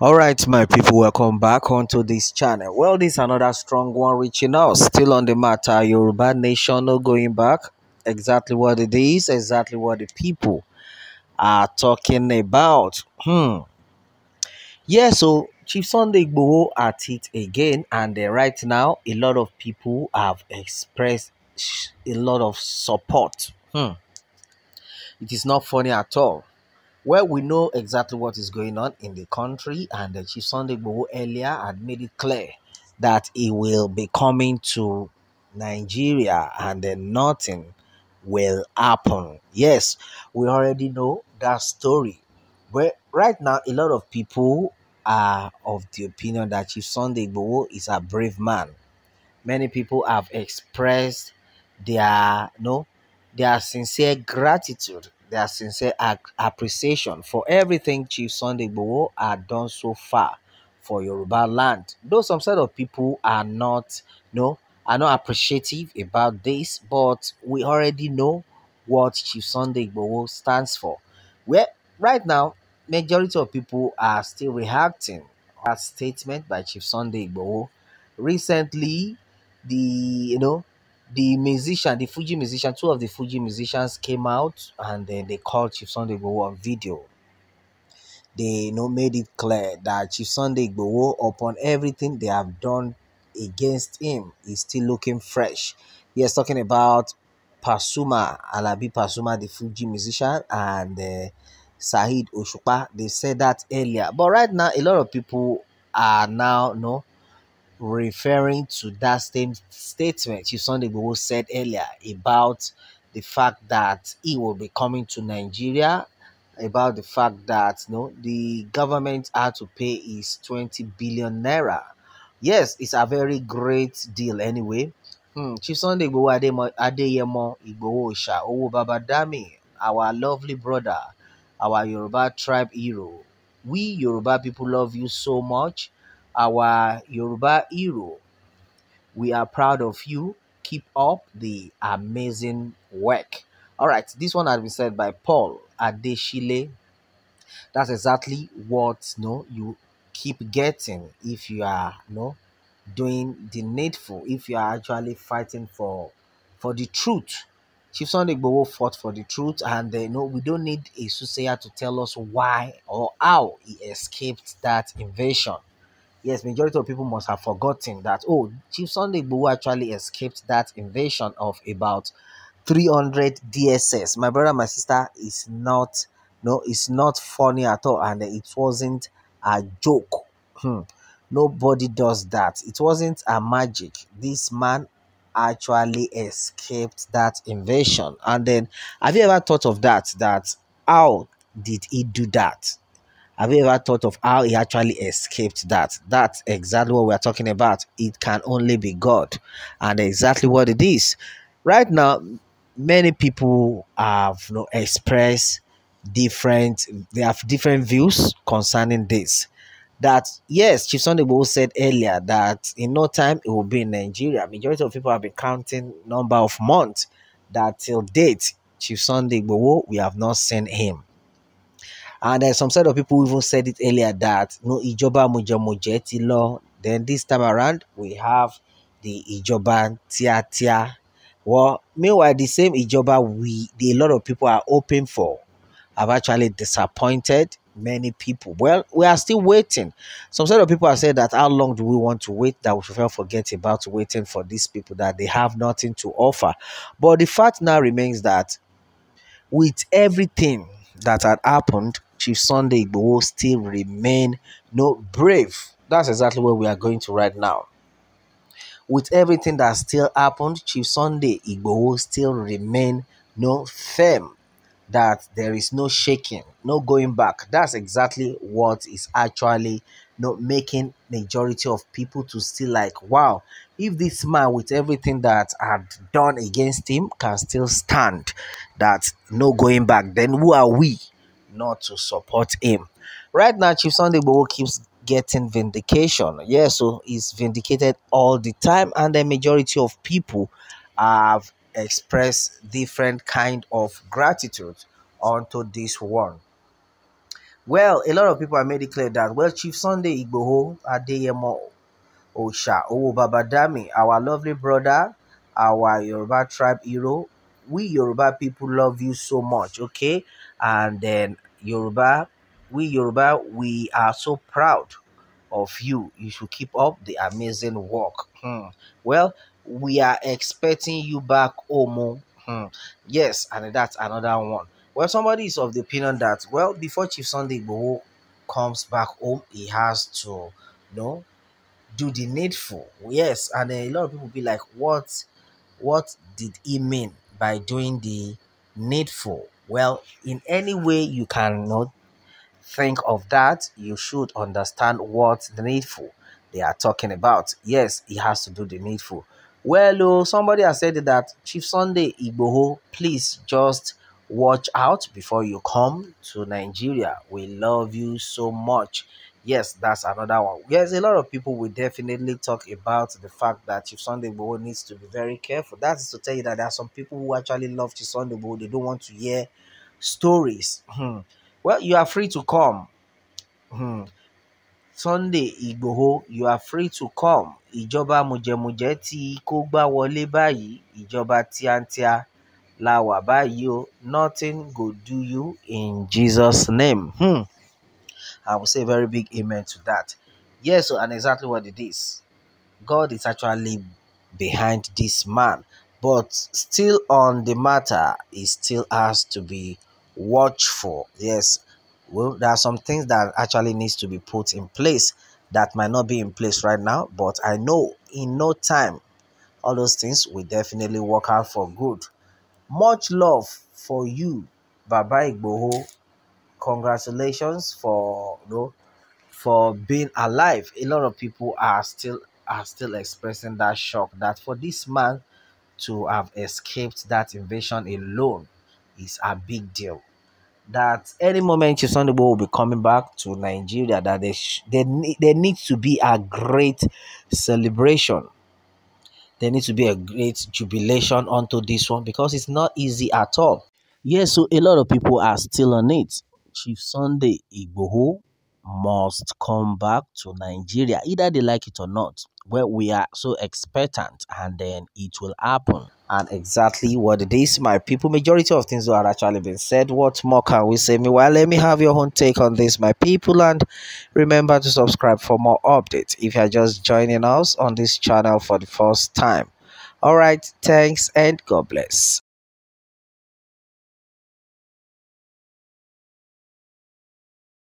all right my people welcome back onto this channel well this another strong one reaching out still on the matter yoruba nation no going back exactly what it is exactly what the people are talking about hmm yeah so chief sunday go at it again and uh, right now a lot of people have expressed a lot of support hmm it is not funny at all well, we know exactly what is going on in the country, and the uh, Chief Sunday Bowo earlier had made it clear that he will be coming to Nigeria and then nothing will happen. Yes, we already know that story. But right now, a lot of people are of the opinion that Chief Sunday Bowo is a brave man. Many people have expressed their no their sincere gratitude their sincere appreciation for everything Chief Sunday Igboho had done so far for Yoruba land. Though some set of people are not, no, are not appreciative about this, but we already know what Chief Sunday Igboho stands for. Where right now, majority of people are still reacting that statement by Chief Sunday Igboho. Recently, the you know the musician, the Fuji musician, two of the Fuji musicians came out and then they called Chief Sunday Igboho on video. They you know, made it clear that Chief Sunday Igboho, upon everything they have done against him, is still looking fresh. He is talking about Pasuma, Alabi Pasuma, the Fuji musician, and uh, Saheed Oshupa. They said that earlier. But right now, a lot of people are now, you no. Know, referring to that same statement Sunday Igboho said earlier about the fact that he will be coming to Nigeria, about the fact that you no know, the government had to pay his 20 billion naira. Yes, it's a very great deal anyway. Hmm. Chief Sunday Igboho Adeyemo Igboho Osha Owo Babadami, our lovely brother, our Yoruba tribe hero. We Yoruba people love you so much our Yoruba hero. We are proud of you. Keep up the amazing work. All right, this one has been said by Paul Adeshile. That's exactly what no you keep getting if you are no doing the needful, if you are actually fighting for for the truth. Chief Sunday Bobo fought for the truth, and uh, no, we don't need a soothsayer to tell us why or how he escaped that invasion yes, majority of people must have forgotten that, oh, Chief Sunday Igboho actually escaped that invasion of about 300 DSS. My brother, my sister, is not, no, it's not funny at all. And it wasn't a joke. Hmm. Nobody does that. It wasn't a magic. This man actually escaped that invasion. And then, have you ever thought of that? That how did he do that? Have you ever thought of how he actually escaped that? That's exactly what we're talking about. It can only be God. And exactly what it is. Right now, many people have you know, expressed different they have different views concerning this that yes chief sunday Bo said earlier that in no time it will be in nigeria majority of people have been counting number of months that till date chief sunday Bo, we have not seen him and then some sort of people even said it earlier that no Ijoba Mujamujeti law. Then this time around, we have the Ijoba Tia Tia. Well, meanwhile, the same Ijoba we the, a lot of people are hoping for have actually disappointed many people. Well, we are still waiting. Some sort of people have said that how long do we want to wait? That we should forget about waiting for these people that they have nothing to offer. But the fact now remains that with everything that had happened, Chief Sunday Igbo still remain no brave. That's exactly where we are going to right now. With everything that still happened, Chief Sunday Igbo still remain no firm that there is no shaking, no going back. That's exactly what is actually not making majority of people to still like, wow, if this man with everything that had done against him can still stand, that no going back, then who are we not to support him. Right now, Chief Sunday Bowo keeps getting vindication. Yeah, so he's vindicated all the time, and the majority of people have expressed different kind of gratitude onto this one. Well, a lot of people have made it clear that, well, Chief Sunday Igboho Adeyemo Osha Owo Babadami, our lovely brother, our Yoruba tribe hero, we Yoruba people love you so much, okay? and then Yoruba, we Yoruba, we are so proud of you. You should keep up the amazing work. Hmm. Well, we are expecting you back, Omo. Oh. Hmm. Yes, and that's another one. Well, somebody is of the opinion that, well, before Chief Sunday Igboho comes back home, he has to, you know, do the needful. Yes, and a lot of people be like, what, what did he mean by doing the needful? Well, in any way you cannot think of that, you should understand what the needful they are talking about. Yes, he has to do the needful. Well, oh, somebody has said that Chief Sunday Igboho, please just watch out before you come to Nigeria. We love you so much yes, that's another one. Yes, a lot of people will definitely talk about the fact that Chief Sunday Bowl needs to be very careful. That is to tell you that there are some people who actually love Chief Sunday Bowl. They don't want to hear stories. Hmm. Well, you are free to come. Hmm. Sunday Igboho, you are free to come. Ìjọba muje tí kó gbá wọlé báyìí, ìjọba tíátíá la wà Nothing go do you in Jesus' name. Hmm. I will say a very big amen to that. Yes, and exactly what it is. God is actually behind this man, but still on the matter, he still has to be watchful. Yes, well, there are some things that actually needs to be put in place that might not be in place right now, but I know in no time, all those things will definitely work out for good. Much love for you, Baba Igboho congratulations for you know, for being alive. A lot of people are still are still expressing that shock that for this man to have escaped that invasion alone is a big deal. That any moment Chisondebo will be coming back to Nigeria, that there, they they needs to be a great celebration. There needs to be a great jubilation onto this one because it's not easy at all. Yes, yeah, so a lot of people are still on it. Chief Sunday Igboho must come back to Nigeria, either they like it or not. Where we are so expectant, and then it will happen. And exactly what it is, my people. Majority of things are actually been said. What more can we say? Meanwhile, let me have your own take on this, my people. And remember to subscribe for more updates if you are just joining us on this channel for the first time. All right, thanks and God bless.